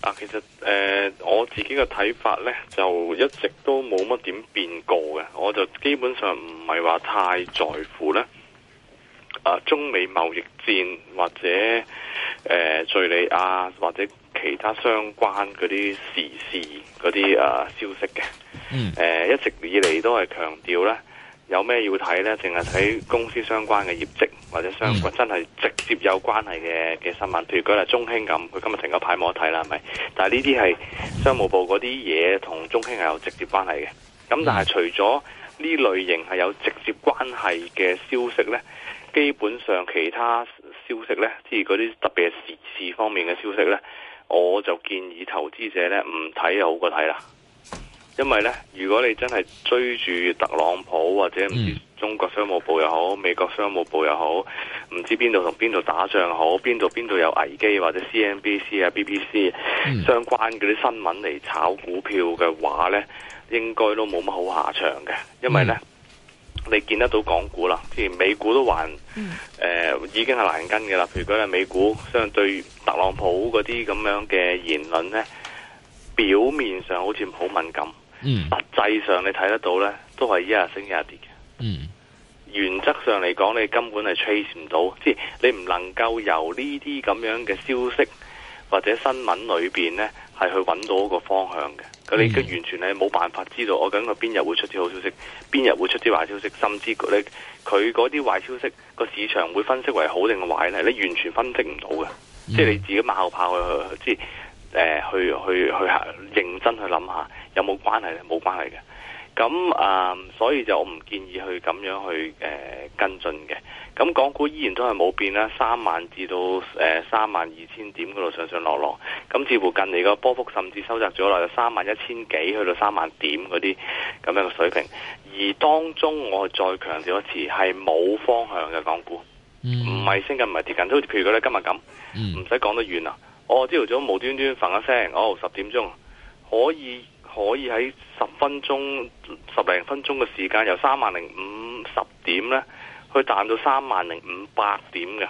啊，其實誒、呃，我自己嘅睇法咧，就一直都冇乜點變過嘅，我就基本上唔係話太在乎咧，啊，中美貿易戰或者誒敘利亞或者其他相關嗰啲時事嗰啲誒消息嘅，嗯，誒、啊，一直以嚟都係強調咧，有咩要睇咧，淨係睇公司相關嘅業績。或者相關真係直接有關係嘅嘅、嗯、新聞，譬如舉例中興咁，佢今日停咗牌冇得睇啦，係咪？但係呢啲係商務部嗰啲嘢同中興係有直接關係嘅。咁但係除咗呢類型係有直接關係嘅消息呢，基本上其他消息呢，即係嗰啲特別時事方面嘅消息呢，我就建議投資者呢唔睇好過睇啦。因為呢，如果你真係追住特朗普或者唔知、嗯中國商務部又好，美國商務部又好，唔知邊度同邊度打仗好，邊度邊度有危機或者 CNBC 啊、嗯、BBC 相關嗰啲新聞嚟炒股票嘅話呢，應該都冇乜好下場嘅，因為呢，嗯、你見得到港股啦，之前美股都還誒、嗯呃、已經係難跟嘅啦。譬如講咧，美股相對特朗普嗰啲咁樣嘅言論呢，表面上好似好敏感，實、嗯、際上你睇得到呢，都係一日升一日跌嘅。嗯。原則上嚟講，你根本係 chase 唔到，即係你唔能夠由呢啲咁樣嘅消息或者新聞裏面呢，係去揾到一個方向嘅。Mm -hmm. 你完全咧冇辦法知道，我緊佢邊日會出啲好消息，邊日會出啲壞消息，甚至佢佢嗰啲壞消息個市場會分析為好定壞咧，你完全分析唔到嘅。Mm -hmm. 即係你自己馬後炮，即係去去去，去認真去諗下，有冇關係咧？冇關係嘅。咁啊，所以就我唔建議去咁樣去誒、呃、跟進嘅。咁港股依然都係冇變啦，三萬至到誒、呃、三萬二千點嗰度上上落落。咁似乎近嚟個波幅甚至收窄咗啦，由三萬一千幾去到三萬點嗰啲咁樣嘅水平。而當中我再強調一次，係冇方向嘅港股，唔係升緊唔係跌緊。都好似譬如佢哋今日咁，唔使講得遠啦。我朝頭早無端端瞓一聲，哦十點鐘可以。可以喺十分鐘十零分鐘嘅時間由三萬零五十點咧，去彈到三萬零五百點嘅，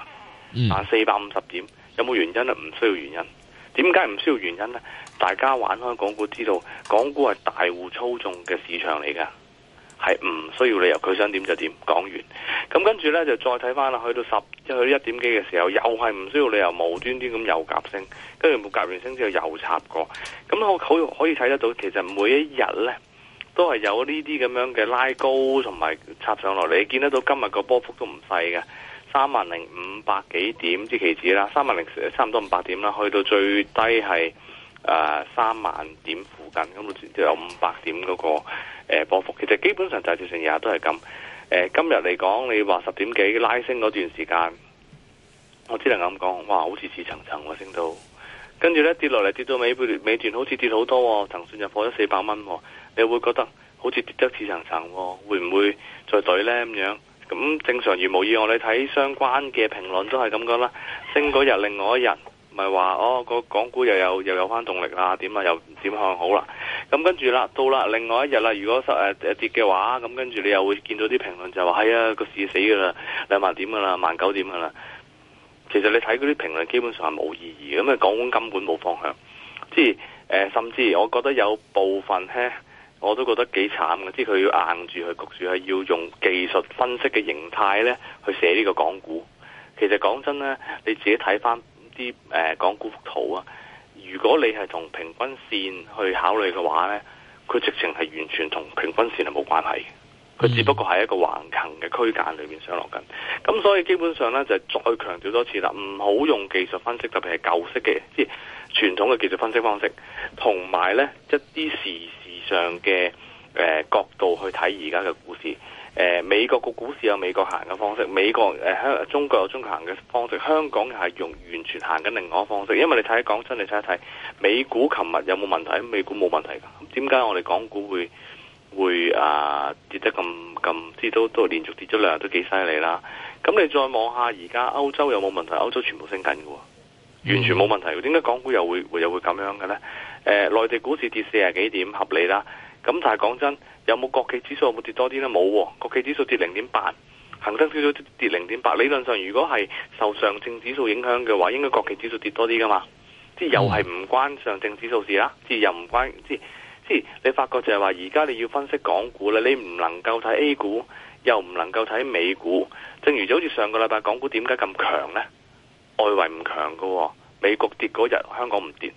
彈四百五十點，有冇原因呢？唔需要原因，點解唔需要原因呢？大家玩開港股知道，港股係大戶操縱嘅市場嚟噶。係唔需要理由，佢想點就點。講完，咁、嗯、跟住呢，就再睇翻啦，去到十即去去一點幾嘅時候，又係唔需要理由，無端端咁又夾升，跟住冇夾完升之後又插過，咁我好可以睇得到，其實每一日呢都係有呢啲咁樣嘅拉高同埋插上落嚟。你見得到今日個波幅都唔細嘅，三萬零五百幾點即期指啦，三萬零差唔多五百點啦，去到最低係。啊、呃，三萬點附近咁，嗯、就有五百點嗰、那個波幅、呃，其實基本上就係成日都係咁。誒、呃，今日嚟講，你話十點幾拉升嗰段時間，我只能咁講，哇，好似似層層喎升到，跟住呢，跌落嚟跌到尾段尾段，尾段好似跌好多、啊，騰訊就破咗四百蚊、啊，你會覺得好似跌得似層層喎，會唔會再對呢？咁樣？咁正常，如無意外，你睇相關嘅評論都係咁講啦，升嗰日另外一日。唔係話哦、個港股又有又有翻動力啦？點啊又點向好啦？咁跟住啦，到啦另外一日啦，如果實跌嘅話，咁跟住你又會見到啲評論就話係啊，個市死噶啦，兩萬點噶啦，萬九點噶啦。其實你睇嗰啲評論基本上係冇意義嘅，咁啊港股根本冇方向，即係甚至我覺得有部分呢，我都覺得幾慘嘅，即係佢要硬住去焗住係要用技術分析嘅形態呢，去寫呢個港股。其實講真呢，你自己睇翻。啲誒港股幅圖啊，如果你係同平均線去考慮嘅話呢，佢直情係完全同平均線係冇關係，佢只不過係一個橫行嘅區間裏面上落緊，咁所以基本上呢，就係、再強調多次啦，唔好用技術分析，特別係舊式嘅，即係傳統嘅技術分析方式，同埋呢一啲時事上嘅誒、呃、角度去睇而家嘅股市。誒、呃、美國個股市有美國行嘅方式，美國香、呃、中國有中國行嘅方式，香港係用完全行緊另外一個方式。因為你睇講真，你睇一睇美股，琴日有冇問題？美股冇問題嘅，點解我哋港股會會啊、呃、跌得咁咁？之都都連續跌咗兩日，都幾犀利啦。咁你再望下而家歐洲有冇問題？歐洲全部升緊嘅喎，完全冇問題。點解港股又會又會咁樣嘅咧？誒、呃，內地股市跌四十幾點合理啦。咁但係講真。有冇國企指數有冇跌多啲呢？冇、哦，國企指數跌零點八，恒生指數跌零點八。理論上如果係受上證指數影響嘅話，應該國企指數跌多啲噶嘛？即、no. 係又係唔關上證指數事啦，即又唔關，即即你發覺就係話，而家你要分析港股啦，你唔能夠睇 A 股，又唔能夠睇美股。正如就好似上個禮拜港股點解咁強呢？外圍唔強噶、哦，美國跌嗰日香港唔跌。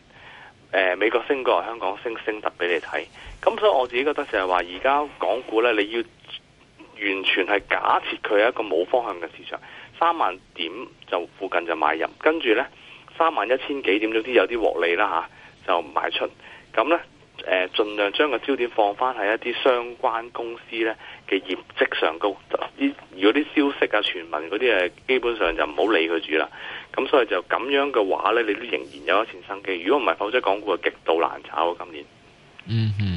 誒、呃，美國升過，香港升升得俾你睇，咁所以我自己覺得就係話，而家港股呢，你要完全係假設佢係一個冇方向嘅市場，三萬點就附近就買入，跟住呢三萬一千幾點，總之有啲獲利啦吓，就賣出，咁呢，呃、盡盡量將個焦點放返喺一啲相關公司呢，嘅業績上高，啲如果啲消息啊、傳聞嗰啲誒，基本上就唔好理佢住啦。咁所以就咁樣嘅話呢，你都仍然有一線生機。如果唔係，否則港股啊，極度難炒啊，今年。嗯嗯。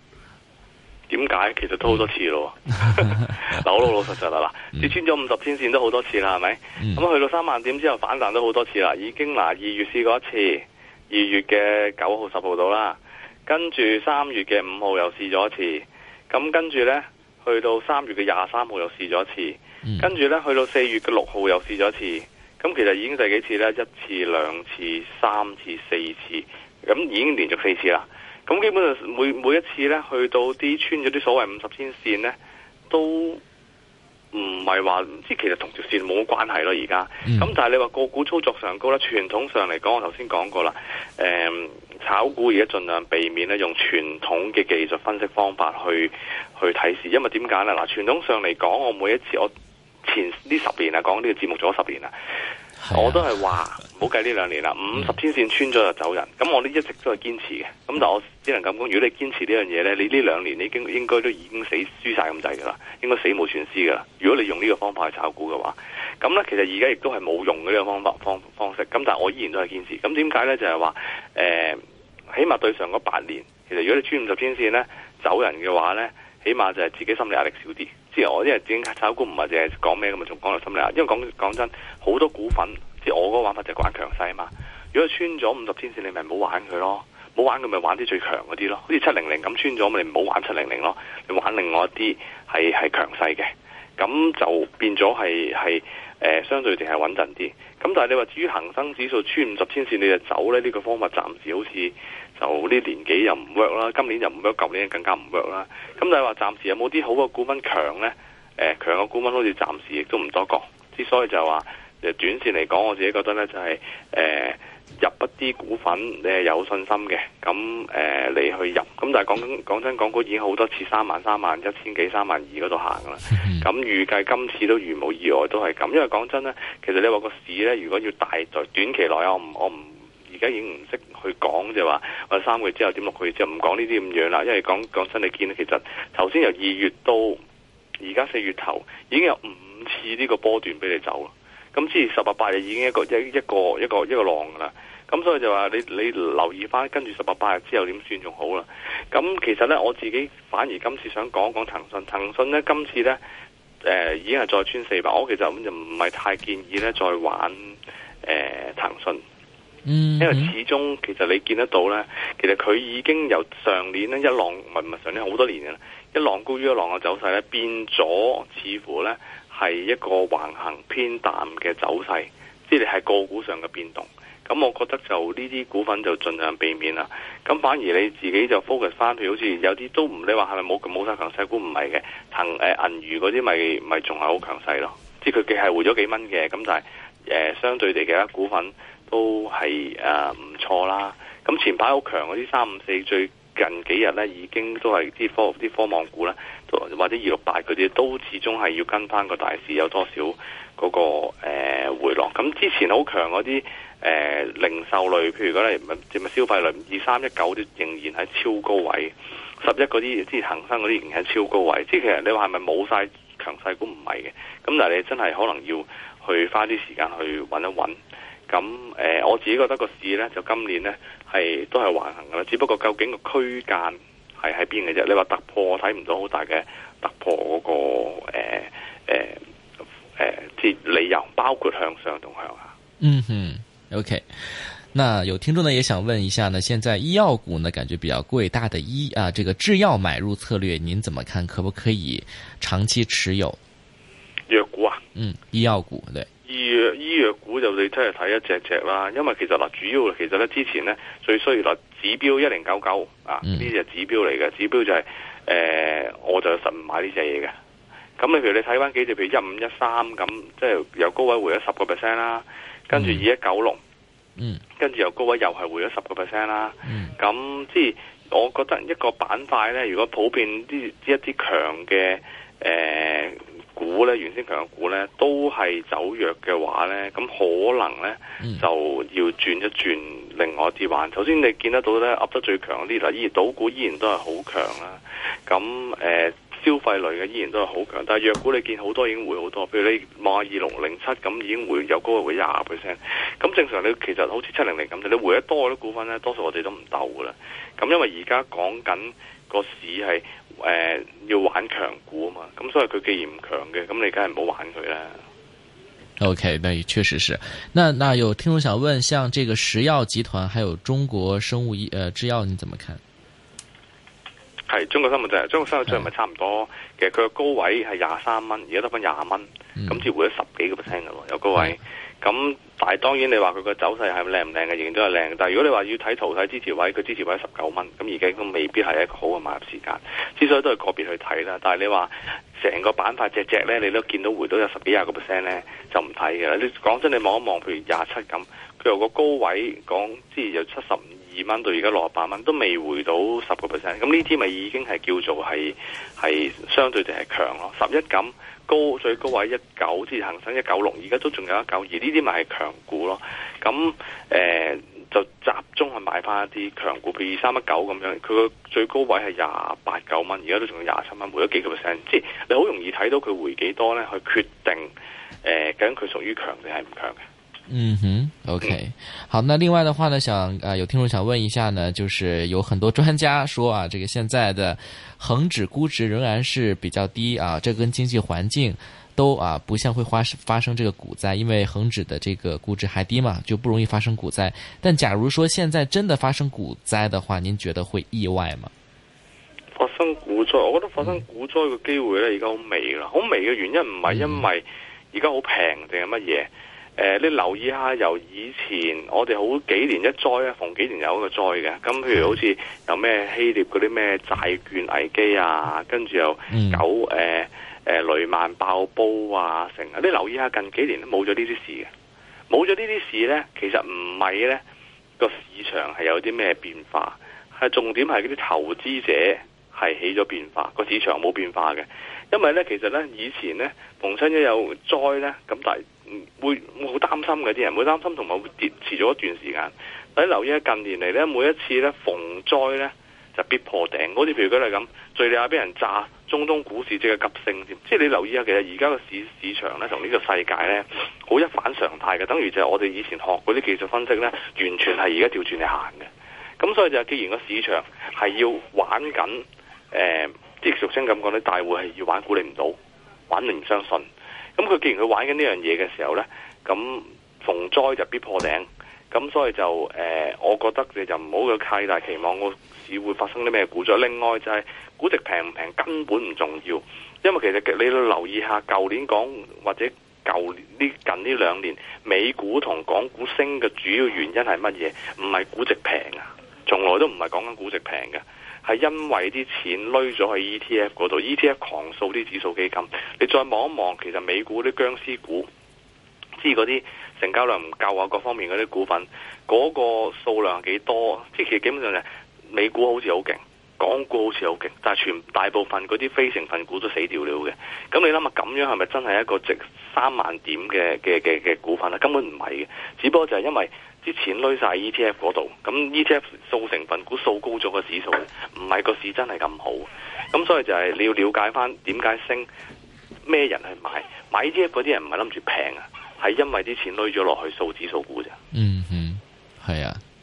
點解？其實都好多次咯。嗱，我老老實實啦，嗱，你穿咗五十天線都好多次啦，係咪？咁、嗯、去到三萬點之後反彈都好多次啦，已經嗱二月試過一次，二月嘅九號十號到啦，跟住三月嘅五號又試咗一次，咁跟住呢，去到三月嘅廿三號又試咗一次，跟、嗯、住呢，去到四月嘅六號又試咗一次，咁其實已經第幾次呢？一次、兩次、三次、四次，咁已經連續四次啦。咁基本上每每一次咧，去到啲穿咗啲所謂五十天線咧，都唔係話，即係其實同條線冇關係咯。而家咁，但係你話個股操作上高咧，傳統上嚟講，我頭先講過啦。誒、嗯，炒股而家盡量避免咧，用傳統嘅技術分析方法去去睇市，因為點解咧？嗱，傳統上嚟講，我每一次我前呢十年啊，講呢個節目做咗十年啦、啊，我都係話。唔好計呢兩年啦，五十天線穿咗就走人。咁我呢一直都係堅持嘅。咁但我只能咁講，如果你堅持呢樣嘢呢，你呢兩年你已經應應該都已經死輸晒咁滯噶啦，應該死冇全屍噶啦。如果你用呢個方法去炒股嘅話，咁呢其實而家亦都係冇用嘅呢個方法方方，方式。咁但係我依然都係堅持。咁點解呢？就係話誒，起碼對上嗰八年，其實如果你穿五十天線呢，走人嘅話呢，起碼就係自己心理壓力少啲。即係我因為整炒股唔係淨係講咩噶嘛，仲講到心理壓力啊。因為講講真，好多股份。即我個玩法就係玩強勢啊嘛！如果佢穿咗五十天線，你咪唔好玩佢咯，唔好玩佢咪玩啲最強嗰啲咯，好似七零零咁穿咗，咪唔好玩七零零咯，你玩另外一啲係係強勢嘅，咁就變咗係係誒相對定係穩陣啲。咁但係你話至於恒生指數穿五十天線，你就走咧？呢個方法暫時好似就啲年紀又唔 work 啦，今年又唔 work，舊年更加唔 work 啦。咁但係話暫時有冇啲好嘅股份強咧？誒、呃、強嘅股份好似暫時亦都唔多講，之所以就係話。就短線嚟講，我自己覺得呢就係、是、誒、呃、入一啲股份，你係有信心嘅。咁誒、呃、你去入，咁但係講講真，港股已經好多次三萬、三萬一千幾、三萬二嗰度行噶啦。咁預計今次都如無意外都係咁，因為講真呢，其實你話個市呢，如果要大在短期內，我唔我唔而家已經唔識去講就話，我三個月之後點六個月就唔講呢啲咁樣啦。因為講講真，你見呢其實頭先由二月到而家四月頭已經有五次呢個波段俾你走啦。咁之前十八八日已經一個一一個一個一個浪噶啦，咁所以就話你你留意翻，跟住十八八日之後點算仲好啦。咁其實咧，我自己反而今次想講一講騰訊，騰訊咧今次咧、呃、已經係再穿四百，我其實就唔係太建議咧再玩誒騰訊，因為始終其實你見得到咧，其實佢已經由上年咧一浪唔係唔係上年好多年嘅啦一浪高於一浪嘅走勢咧，變咗似乎咧。係一個橫行偏淡嘅走勢，即係你係個股上嘅變動。咁我覺得就呢啲股份就盡量避免啦。咁反而你自己就 focus 翻，佢好似有啲都唔，你話係咪冇冇晒強勢股？唔係嘅，恒、呃、誒銀娛嗰啲咪咪仲係好強勢咯。即係佢幾係回咗幾蚊嘅，咁但係誒、呃、相對地嘅，其他股份都係誒唔錯啦。咁前排好強嗰啲三五四最。近幾日咧，已經都係啲科啲科網股咧，或者二六八佢哋都始終係要跟翻個大市有多少嗰、嗰個、呃、回落。咁之前好強嗰啲誒零售類，譬如嗰啲唔係即係消費類二三一九啲仍然喺超高位，十一嗰啲即係恒生嗰啲仍然喺超高位。即係其實你話係咪冇曬強勢股？唔係嘅。咁但係你真係可能要去花啲時間去揾一揾。咁誒、呃，我自己覺得個市咧就今年咧。係都係橫行㗎喇，只不過究竟個區間係喺邊嘅啫。你話突破，我睇唔到好大嘅突破嗰、那個誒誒誒，即、欸欸欸、理由，包括向上同向下。嗯哼，OK。那有聽眾呢，也想問一下呢，現在醫藥股呢，感覺比較貴，大的醫啊，這個製藥買入策略，您怎麼看？可不可以長期持有？藥股啊？嗯，醫藥股對。醫醫藥股就你出去睇一隻隻啦，因為其實嗱，主要其實咧之前咧最需要嗱，指標一零九九啊，呢隻指標嚟嘅，指標就係誒，我就實唔買呢隻嘢嘅。咁你譬如你睇翻幾隻，譬如一五一三咁，即係由高位回咗十個 percent 啦，跟住二一九六，嗯，跟住由高位又係回咗十個 percent 啦，咁即係我覺得一個板塊咧，如果普遍啲呢一啲強嘅誒。呃股咧，原先強嘅股咧，都係走弱嘅話咧，咁可能咧就要轉一轉另外一啲環。首先你見得到咧 up 得最強啲，嗱，依然賭股依然都係好強啦。咁誒，消費類嘅依然都係好強，但係弱股你見好多已經回好多，譬如你買二六零七，咁已經回有高過回廿 percent。咁正常你其實好似七零零咁，你回得多嗰啲股份咧，多數我哋都唔鬥噶啦。咁因為而家講緊。個市係誒、呃、要玩強股啊嘛，咁所以佢既然唔強嘅，咁你梗係唔好玩佢啦。OK，但係確實是。那那有聽眾想問，像這個食藥集團，還有中國生物醫誒、呃、製藥，你怎麼看？係中國生物製藥，中國生物製藥咪差唔多？其實佢嘅高位係廿三蚊，而家得翻廿蚊，咁只回咗十幾個 percent 嘅咯，有高位咁。但係當然，你話佢個走勢係靚唔靚嘅，仍然都係靚嘅。但係如果你話要睇圖睇支持位，佢支持位十九蚊，咁而家都未必係一個好嘅買入時間。之所以都係個別去睇啦，但係你話成個板塊隻隻呢，你都見到回到有十幾廿個 percent 呢，就唔睇嘅啦。你講真的，你望一望，譬如廿七咁，佢由個高位講，即係有七十五二蚊到而家六十八蚊都未回到十個 percent，咁呢啲咪已經係叫做係係相對地係強咯。十一咁高最高位一九，之前恒生一九六，而家都仲有一九二，呢啲咪係強股咯。咁誒就集中去買翻一啲強股，譬如三一九咁樣，佢個最高位係廿八九蚊，而家都仲有廿七蚊，回咗幾個 percent，即係你好容易睇到佢回幾多咧，去決定誒、呃、究竟佢屬於強定係唔強嘅。嗯哼，OK，好。那另外的話呢，想啊，有聽眾想問一下呢，就是有很多專家說啊，這個現在的恒指估值仍然是比較低啊，這跟經濟環境都啊，不像會發發生這個股災，因為恒指的這個估值還低嘛，就不容易發生股災。但假如說現在真的發生股災的話，您覺得會意外嗎？發生股災，我覺得發生股災嘅機會呢，而家好微咯，好微嘅原因唔係因為而家好平定係乜嘢？誒、呃，你留意一下由以前，我哋好幾年一災啊，逢幾年有一個災嘅。咁譬如好似有咩希臘嗰啲咩債券危機啊，跟住又九誒誒雷曼爆煲啊，成。你留意一下近幾年冇咗呢啲事嘅，冇咗呢啲事咧，其實唔係咧個市場係有啲咩變化，係重點係嗰啲投資者。係起咗變化，個市場冇變化嘅。因為呢，其實呢，以前呢逢親一有災呢，咁但係會好擔心嘅啲人會擔，會擔心同埋會跌，遲咗一段時間。但你留意下近年嚟呢，每一次呢逢災呢就必破頂，好似譬如舉例咁敘利亞俾人炸，中東股市即係急升添。即係你留意下，其實而家個市市場呢同呢個世界呢，好一反常態嘅，等於就係我哋以前學嗰啲技術分析呢，完全係而家調轉嚟行嘅。咁所以就既然個市場係要玩緊。誒、呃，即係俗稱咁講咧，大會係要玩，估你唔到，玩你唔相信。咁佢既然佢玩緊呢樣嘢嘅時候咧，咁逢災就必破頂。咁所以就誒、呃，我覺得你就唔好去太大期望個市會發生啲咩股災。另外就係、是、估值平唔平根本唔重要，因為其實你留意下舊年講或者舊呢近呢兩年美股同港股升嘅主要原因係乜嘢？唔係估值平啊！從來都唔係講緊估值平嘅，係因為啲錢累咗去 ETF 嗰度，ETF 狂掃啲指數基金。你再望一望，其實美股啲僵屍股，即係嗰啲成交量唔夠啊，各方面嗰啲股份，嗰個數量幾多？即係其實基本上，美股好似好勁，港股好似好勁，但係全大部分嗰啲非成分股都死掉了嘅。咁你諗下，咁樣係咪真係一個值三萬點嘅嘅嘅嘅股份咧？根本唔係嘅，只不過就係因為。啲錢累晒 ETF 嗰度，咁 ETF 數成分股數高咗個指數，唔係個市真係咁好，咁所以就係你要了解翻點解升，咩人去買買 ETF 嗰啲人唔係諗住平啊，係因為啲錢累咗落去數指數股咋。嗯嗯，係啊。